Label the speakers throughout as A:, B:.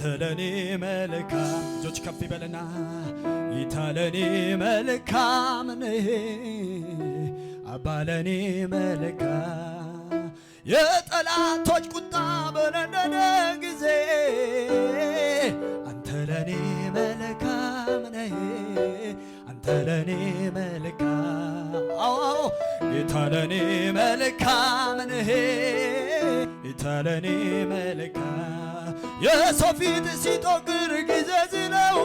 A: አንተ ለኔ መልካም እጆች ከፍ ይበልና ጌታ ለኔ መልካም ነህ፣ አባ ለኔ መልካም የጠላቶች ቁጣ በነደደ ጊዜ አንተ ለኔ መልካም ነህ፣ አንተ ለኔ መልካም አዎ ለኔ መልካም ነህ፣ ጌታ ለኔ መልካም የሰው ፊት ሲጦግር ጊዜ ዝነው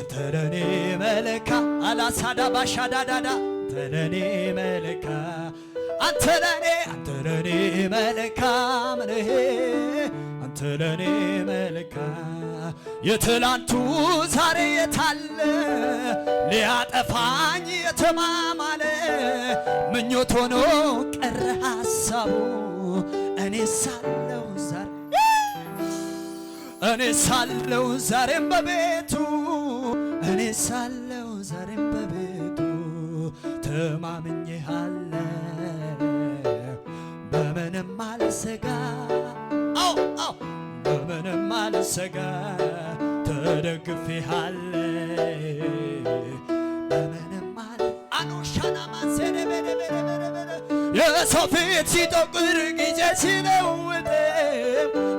A: አንተ ለኔ መልካ አላሳዳ ባሻዳዳዳ አንተ ለኔ መልካ አንተ ለኔ አንተ ለኔ መልካም ነህ አንተ ለኔ መልካ የትላንቱ ዛሬ የታለ ሊያጠፋኝ የተማማለ ምኞት ሆኖ ቀረ ሀሳቡ እኔ ሳለው ዛሬ እኔ ሳለው ዛሬም በቤቱ እኔ ሳለው ዛሬም በቤቱ ተማምኜሃለሁ በምንም አልሰጋ አው አው በምንም አልሰጋ ተደግፌሃለሁ በምንም አል አኖሻና ማሰረ በረ በረ በረ የሰው ፊት ሲጠቁር ጊዜ ሲለውጥ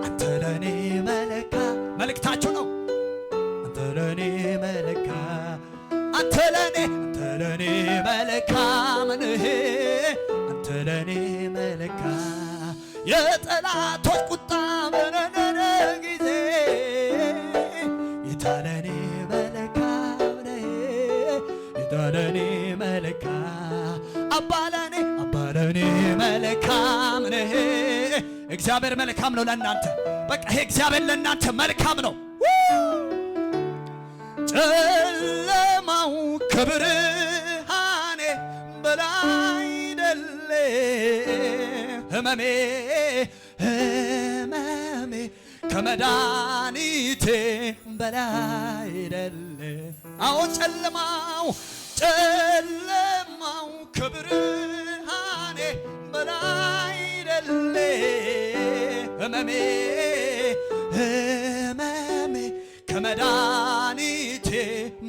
A: አንተ ለኔ መለካ መልእክታችሁ ነው። አንተ ለኔ መለካ አንተ ለኔ አንተ ለኔ መለካ ምንሄ አንተ ለኔ መለካ የጠላቶች ቁጣ በነነነ ጊዜ የታለኔ መለካ ምንሄ የታለኔ መለካ አባለ መልካም ነህ። እግዚአብሔር መልካም ነው ለእናንተ። በቃ ይሄ እግዚአብሔር ለእናንተ መልካም ነው። ጨለማው ከብርሃኔ በላይ ደለ ህመሜ ህመሜ ከመድኃኒቴ በላይ ደለ አዎ ጨለማው ጨለማው ከብር በላይ ደሌ ህመሜ ህመሜ ከመድኃኒቴ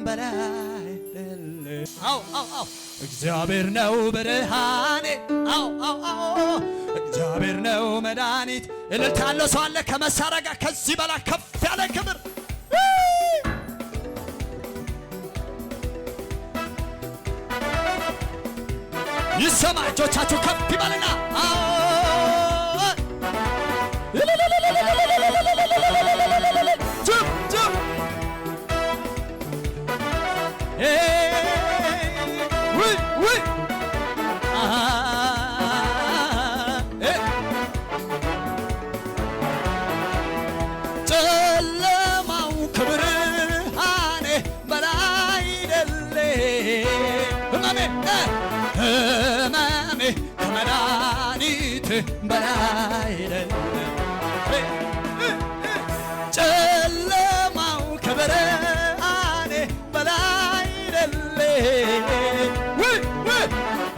A: በላይ ደሌ እግዚአብሔር ነው ብርሃኔ እግዚአብሔር ነው መድኃኒት እልልታ ያለው ሰው አለ ከመሳሪያ ጋር ከዚህ በላይ ከፍ ያለ ክብር ይሰማ። እጆቻችሁ ከፍ ይበልና መድኃኒት በላይ ጨለማው ከብርሃኔ በላይ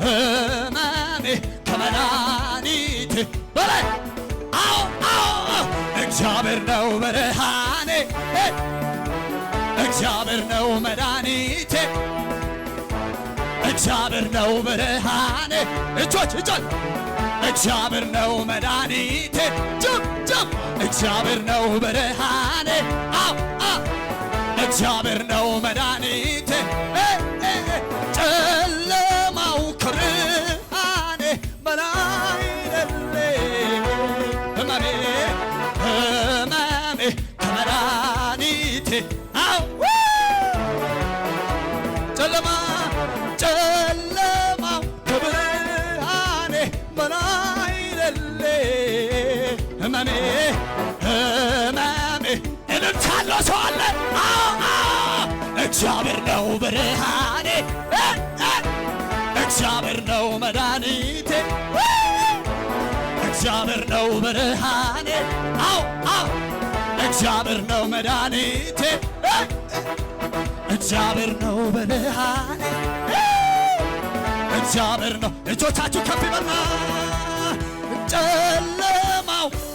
A: ሕመሜ ከመድኃኒት በላይ እግዚአብሔር ነው ብርሃኔ እግዚአብሔር ነው መድኃኒቴ እግዚአብሔር ነው ብርሃኔ እጆች እጆች እግዚአብሔር ነው መድኃኒቴ ጭብ ጭብ እግዚአብሔር ነው ብርሃኔ አው አው እግዚአብሔር ነው መድኃኒቴ ህመሜ ህመሜ እልልታለሁ። ሰው አለ እግዚአብሔር ነው ብርሃኔ፣ እግዚአብሔር ነው መድኃኒቴ፣ እግዚአብሔር ነው ብርሃኔ፣ አው አው እግዚአብሔር ነው መድኃኒቴ፣ እግዚአብሔር ነው ብርሃኔ፣ እግዚአብሔር ነው። እጆቻችሁ ከፍ ይበልና ጨለ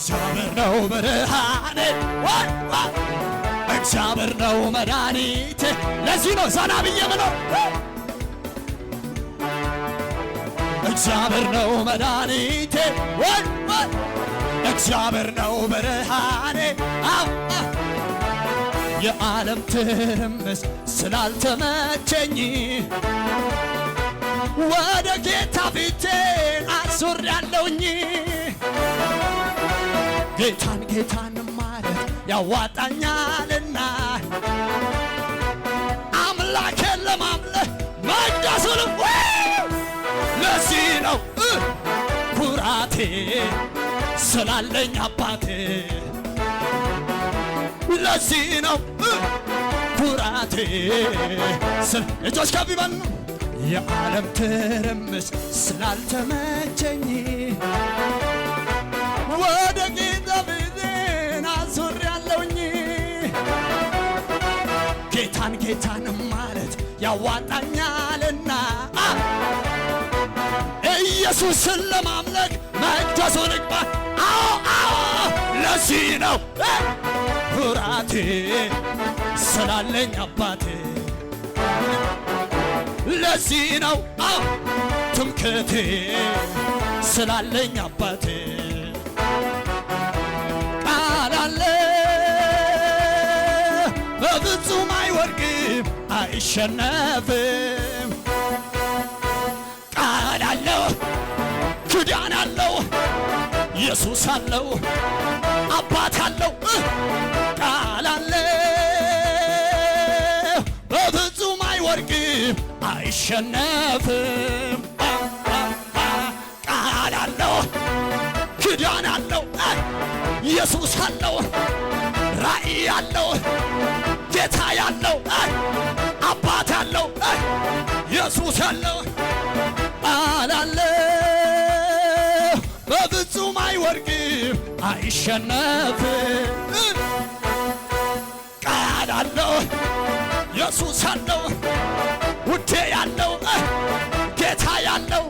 A: እግዚአብሔር ነው ብርሃኔ፣ እግዚአብሔር ነው መድኃኒቴ። ለዚህ ነው ዘና ብዬ ምኖር። እግዚአብሔር ነው መድኃኒቴ፣ እግዚአብሔር ነው ብርሃኔ። የዓለም ትርምስ ስላልተመቸኝ ወደ ጌታ ፊቴን አዙር ያለውኝ ጌታን ጌታን ማለት ያዋጣኛልና አምላኬን ለማምለክ መዳሱንም ለዚህ ነው ኩራቴ ስላለኝ አባቴ ለዚህ ነው ኩራቴ እጆች ከቢበን የዓለም ትርምስ ስላልተመቸኝ ጌታን ማለት ያዋጣኛልና ኢየሱስን ለማምለክ መቅደሱን ግባ። አዎ አዎ፣ ለዚህ ነው ኩራቴ ስላለኝ አባቴ፣ ለዚህ ነው አዎ ትምክቴ ስላለኝ አባቴ በፍጹም አይወድቅም አይሸነፍም። ቃል አለው ኪዳን አለው ኢየሱስ አለው አባት አለው ቃል አለው በፍጹም አይወድቅም አይሸነፍም። ቃል አለው ኪዳን አለው ኢየሱስ አለው ራእይ አለው ጌታ ያለው አባት ያለው ኢየሱስ ያለው አላለ በፍጹም አይወድቅም አይሸነፍ ቃል አለው ኢየሱስ ያለው ውዴ ያለው ጌታ ያለው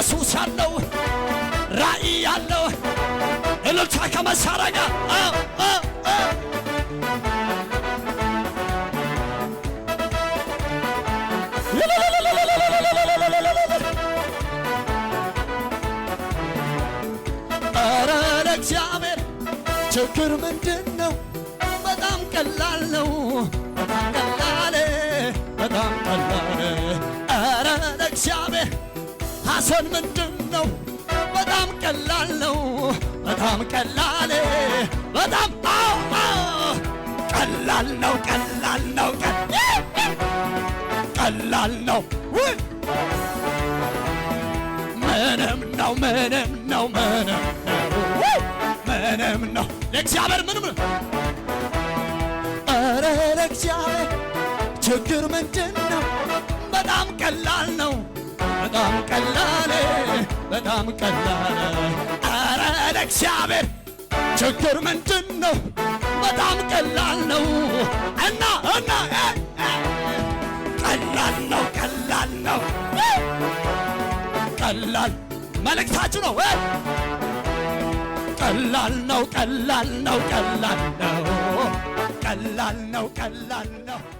A: ኢየሱስ ያለው ራእይ ያለው እልልታ ከመሳሪያ ጋር ኧረ ለእግዚአብሔር ችግር ምንድን ነው? በጣም ቀላል ነው። በጣም ቀላል በጣም ቀላል ኧረ ለእግዚአብሔር ማሰን ምንድን ነው? በጣም ቀላል ነው። በጣም ቀላል በጣም ቀላል ነው። ቀላል ነው። ቀላል ነው። ምንም ነው። ምንም ነው። ምንም ምንም ነው። ለእግዚአብሔር ምንም ኧረ ለእግዚአብሔር ችግር ምንድን ነው? በጣም ቀላል ነው። በጣም ቀላል በጣም ቀላል። አረ ለእግዚአብሔር ችግር ምንድን ነው? በጣም ቀላል ነው እና እና ቀላል ነው ቀላል ነው ቀላል መልእክታችሁ ነው። ቀላል ነው ቀላል ነው ቀላል ነው ቀላል ነው ቀላል ነው